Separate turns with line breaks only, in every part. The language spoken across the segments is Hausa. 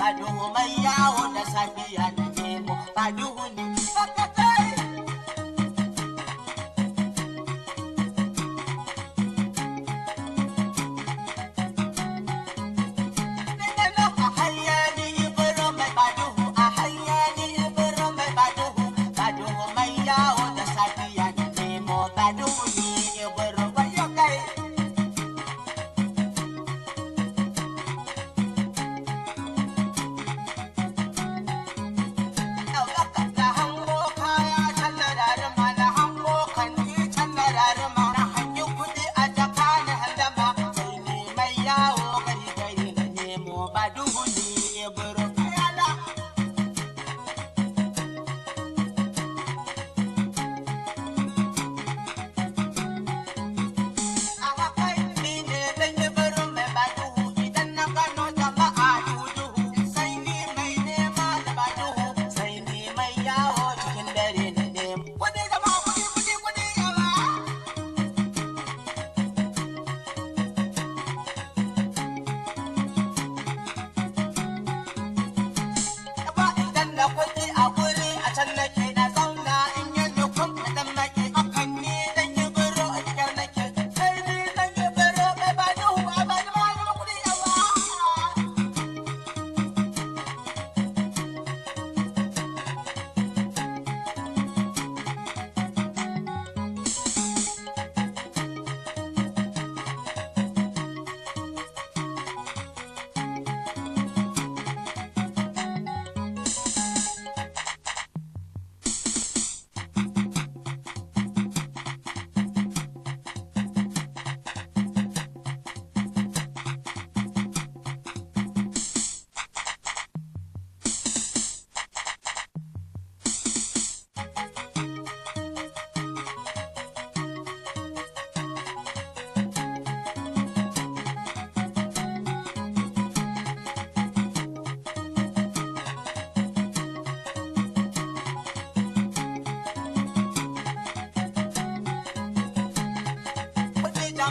I do my yawo da safiya da Morfalho único.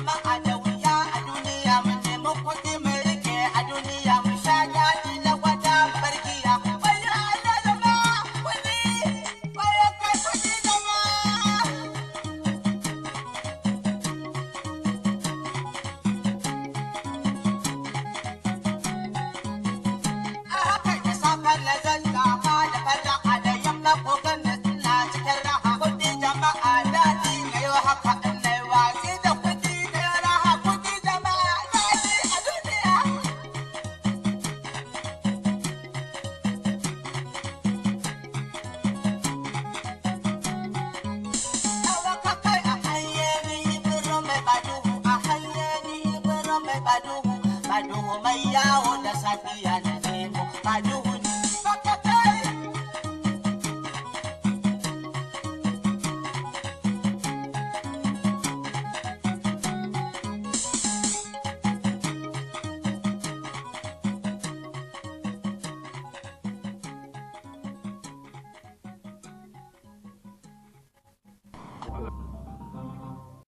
mama. I baduhu mai yawo da safiya na I baduhu